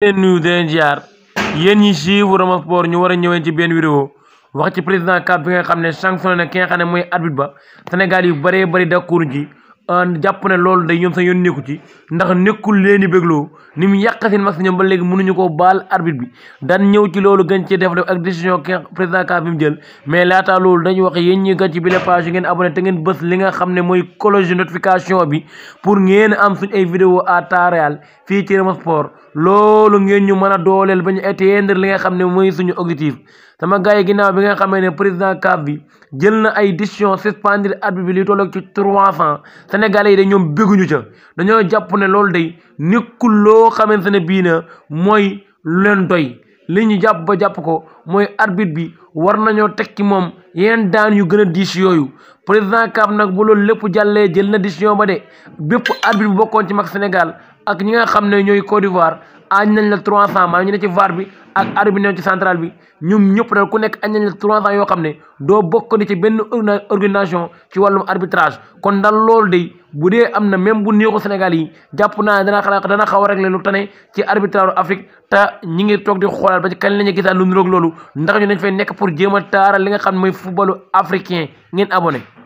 leen nuyu di leen jaar yéen ñi suivre Sport ñu war a ñëween ci benn vidéo wax ci président CAF bi nga xam ne sanctionné na ki nga xam ne mooy arbitre ba Sénégal yu bëree bëri d'accord ci jàpp ne loolu day ñoom sax yoon nekku ci ndax nekkul leen di bégloo ni mu yàq seen match ñoom ba léegi mënuñu ko baal arbitre bi daan ñëw ci loolu gën ci def def ak décision président CAF bi mu jël mais laata loolu dañu wax yéen ñi gën ci bile page yi ngeen abonné te ngeen bës li nga xam ne mooy cloche de notification bi pour ngeen am suñ ay vidéo à temps fii ci Rama Sport loolu ngeen ñu mën a dooleel ba ñu atteindre li nga xam ne mooy suñu objectif sama gars yi ginnaaw bi nga xamee ne président CAF bi jël na ay décision suspendre arbitre bi li tolloog ci trois cent sénégalais yi de ñoom bégguñu ca dañoo jàpp ne loolu day nekkul loo xamante ne bii na mooy leen doy li ñu jàpp ba jàpp ko mooy arbitre bi war nañoo teg ci moom yeneen daan yu gën a diis yooyu président CAF nag bu loolu lépp jàllee jël na décision ba de bépp arbitre bu bokkoon ci mag Sénégal ak ñi nga xam ne ñooy Côte d'Ivoire añ nañ la trois cent maa ñu ne ci VAR bi ak arbitre ci central bi ñoom ñëpp daal ku nekk a nañ la trois cent yoo xam ne doo bokk ni ci benn organisation ci wàllum arbitrage kon dal loolu de bu dee am na même bu néexu Sénégal yi jàpp naa dana xalaat dana xaw a régler lu tane ci arbitrage Afrique te ñi ngir toog di xoolaat ba ci kañ la ñu gisaat lu niroog loolu ndax ñu dañ fay nekk pour jéem a taaral li nga xam ne mooy footballu africain ngeen abonné